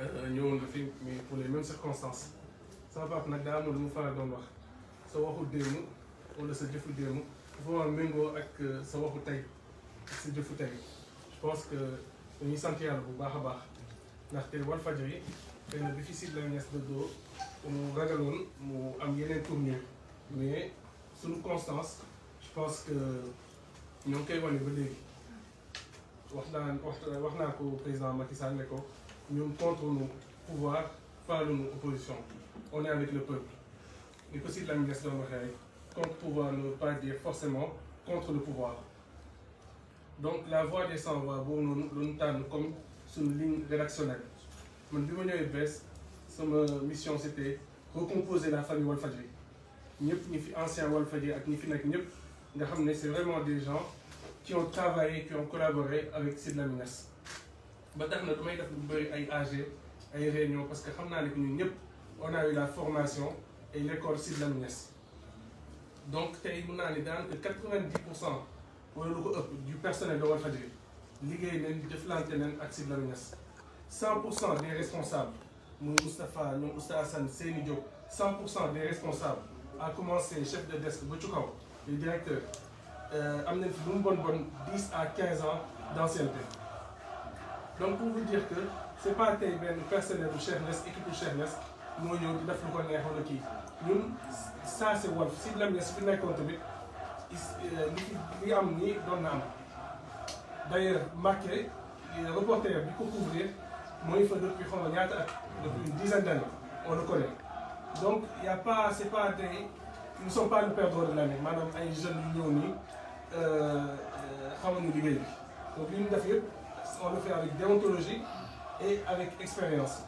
Euh, ñëwoon na fi mais pour les mêmes circonstances sama papa nag daa amoon lu mu faral doon wax sa waxu démb wala sa jëfu démb dafa war ak euh, sa waxu tey ak sa jëfu tey je pense que dañuy sant bu baax a baax ndaxte Walfadjri yi xëy na difficile la ñes de doo mu ragaloon mu am yeneen tournure mais suñu constance je pense que ñoo ngi koy wane ba léegi wax naa wax wax naa ko président Macky Sall ne ko ñun contre nous pouvoir faalu nu opposition on est avec le peuple ni ko si lan nges doon waxee rek contre pouvoir ne pas dire forcément contre le pouvoir donc la voix des sans voix boobu noonu doon tànn comme suñu ligne rédactionnelle man bi ma ñëwee bees sama mission c'était recomposer la famille Walfadjri ñëpp ñi fi ancien Walfadjri ak ñi fi nekk ñëpp nga xam ne c'est vraiment des gens qui ont travaillé qui ont collaboré avec Sidy Lamine Niasse ba tax na du may def lu ay AG réunion parce que xam naa ne ñëpp on a eu la formation et l'école Sidy Lamine Niass donc tey mun naa ne daanaka quatre-vingt-dix pour cent wala du personnel de Walfadjri liggéey nañ jëflante nañ ak Sidy Lamine des responsables muy Moustapha ñoom Oustaz Assane Diop des responsables à commencer chef de desk ba ci kaw le directeur euh, am nañ fi bon bon à quinze ans d'ancienneté donc pour vous dire que c' est pas tey benn personnel bu Cheikh Niass équipe bu Cheikh Niass moo ñëw di def lu ko neexoon ak kii ñun ça c' est Walf si Lamine Niass fi nekkoon tamit euh, li li am nii doon na am d' ailleurs Mbacke euh, reporter bi ko couvrir mooy fa depuis xaw ma ñaata at depuis une dizaine d' années on le connaît donc y' a pas c' est pas tey nous ne sommes pas le perdreau de l' année maanaam ay jeunes yu ñëw nii euh, xamuñu liggéey bi donc li ñu def yëpp. on le fait avec déontologie et avec expérience.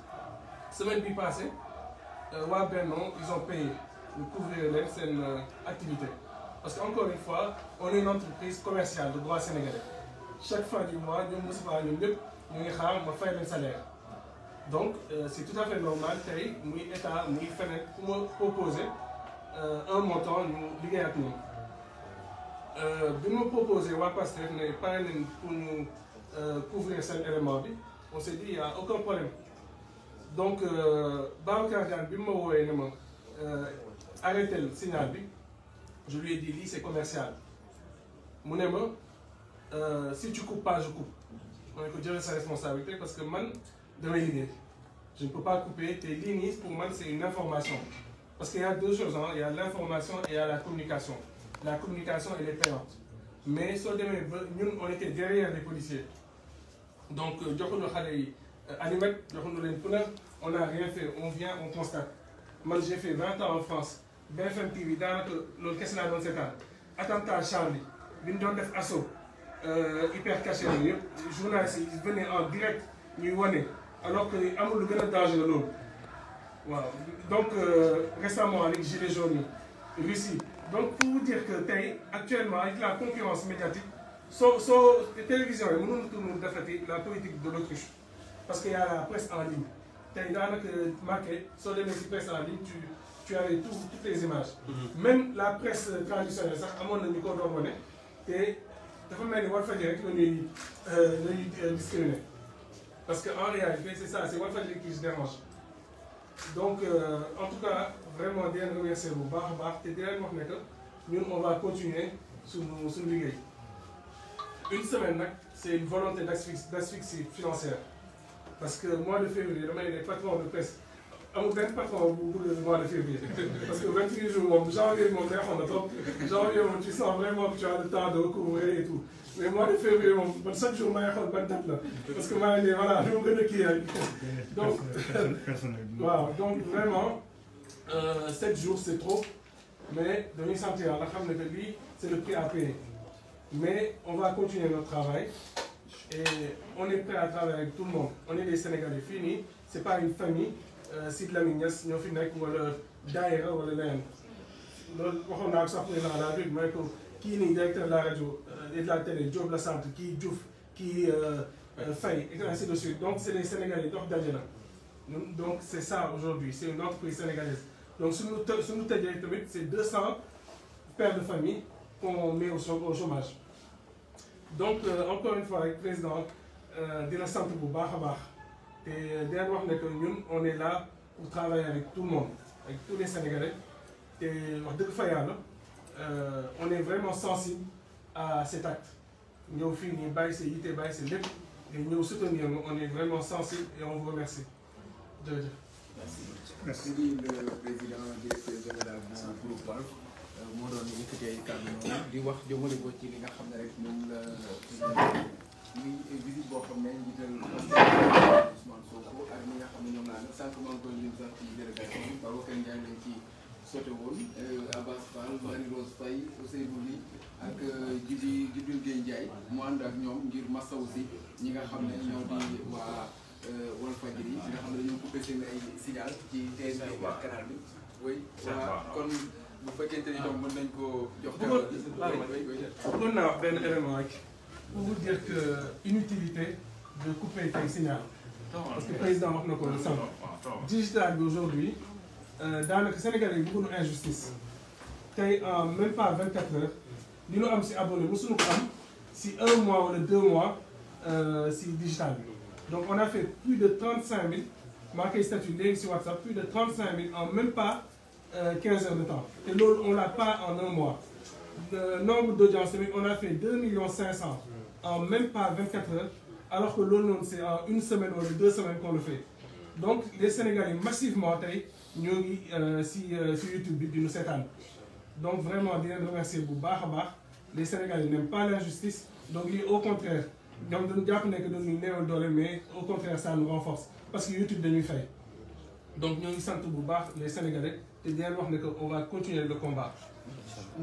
semaine bi passée euh, waa Benno ils ont payé pour couvrir leen seen euh, activité parce que une fois on est une entreprise commerciale de droit sénégalais chaque fin du mois ñoom Moussa ñoom ñëpp ñu ngi donc euh, c'est tout à fait normal tey muy état muy feneen proposer euh, un montant ñu liggéey ak ñoom proposer waa Pastef ne pare pour ñu. Euh, couvrir seen événement bi on s'est dit il y a aucun problème donc euh, Babacar Diagne bi mu ma wooyee ne ma euh, arrêté le signal bi je lui ai dit lii c'est commercial mu ne ma si tu coupes pas je coupe ma ne ko jëlee sa responsabilité parce que man damay liggéey je ne peux pas couper te lii nii pour man c'est une information y a deux choses hein y a l'information et y a la communication la communication elle est payante mais soo demee ba ñun on était derrière les policiers donc euh, joxuñu xale yi euh, animat joxuñu leen pneu on n'a rien fait on vient on constate mal j'ai fait vingt ans en France BFM TV daanaka loolu kese laa doon seetaan attentat Charlie bi ñu doon def assaut euh, hyper caché la yëpp journalistes yi venaient en direct ñuy wane alors que amul lu gën a dangereux waaw donc euh, récemment avec Gilets jaunes yi Russie donc pour vous dire que tey actuellement avec la concurrence médiatique soo soo télévision yi mënul tudd defati la politique de l'autruche parce que y a la presse en ligne tey daanaka marqué soo demee si presse en ligne tu tu avais tout toutes les images. Mhm. même la presse traditionnelle sax amoon na ñu ko doon wane te dafa mel ni Walfadjri rek la ñuy euh, la ñuy euh, discriminer parce que en réalité c'est ça c'est Walfadjri qui se dérange donc euh, en tout cas vraiment di leen remercier bu baax a baax te di leen wax ne ñun on va continuer suñu suñu liggéey. une semaine nag c' est une volonté d' asphyxie d' asphyxie financière parce que mois de février damay ne patron de presse amul benn patron bu bu mois de février parce que 28 jours moom janvier moom neexoon na trop janvier moom tu sens vraiment que tu as le temps de recouvrer et tout mais mois de février moom man chaque jour maa ngi xool ban date la parce que maa ngi ne voilà ñu gën a kii yaay donc waaw donc vraiment euh, 7 jours c' est trop mais dañuy sentir yàlla xam ne que lii c' est le prix à payer. Mais on va continuer notre travail et on est prêt à travailler avec tout le monde. On est des Sénégalais fini, c'est pas une famille euh, Sidy Lamine Niass ñoo fi nekk wala daayira wala leneen loolu waxoon naa ko sax président de la République mooy ko kii ni directeur de la radio euh, et de la télé Diop la sant kii Diouf kii euh, Faye et ainsi de suite donc c'est des Sénégalais dox daje na donc c'est ça aujourd'hui c'est une entreprise sénégalaise donc suñu të suñu tëjee tamit c'est deux cents pères de famille qu'on met au chômage donc encore une fois rek président di la sant bu baax a baax te di leen wax ne que ñun on est là pour travailler avec tout le monde avec tous les Sénégalais te wax dëgg fa yàlla on est vraiment sensible à cet acte ñëw fii nii bàyyi sa yitte bàyyi sa lépp te ñëw soutenir ñu on est vraiment sensible et on vous remercie jërëjëf. merci merci le président directeur général du groupe Euh, moo doon yëkkati ay kàddu noonu di wax jëmale ko ci li nga xam ne rek moom la muy visite boo xam ne njiital Ousmane Sonko ak ñi nga xam ne ñoom laa nag sànq maa ngi koy lim sax ci délégation bi Babacar Ndiaye lañ ci sote woon euh, Abbas Fall Marie Rose Faye Ousseynou Ly ak euh, Djibi Djibril Gueye Ndiaye mu ànd ak ñoom ngir masawu si ñi nga xam ne ñoo di waa Walfadjri yi nga seen ay signal ci TNT canal bi waa kon bu fekkente ni donc mën nañ koo jox. bëggoon naa wax benn élément rek pour vous dire que inutilité de signal. parce que président wax na ko sànq. digital bi aujourd'hui euh, daanaka Sénégalais yi bëgguñu injustice. tey en même pas 24 heures li ñu si abonné mosuñu ko am si un mois wala deux mois si euh, digital bi. donc on a fait plus de 35 000 statut léegi si WhatsApp plus de 35 en même pas. Euh, quinze heures de temps te loolu on l'a pas en un mois le nombre d'audiences tamit on a fait deux millions cinq cent en même pas vingt quatre heures alors que loolu noonu c'est une semaine wala deux semaines qu'on le fait donc les Sénégalais massivement tey ñoo ngi euh, si euh, si YouTube bi di ñu seetaan donc vraiment di remercier bu baax a baax les Sénégalais n'aiment pas l'injustice donc lii au contraire ñoom dañu jàpp ne que dañuy néewal doole mais au contraire ça nous que YouTube dañuy fay donc ñoo ngi sant bu baax les sénégalais te di leen wax ne continuer le combat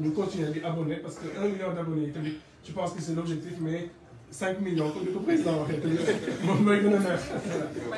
ñu continuer di abonné parce que un million d' abonnés yi tamit je pense que c' mais cinq millions comme ni ko président waxee tamit moom mooy gën a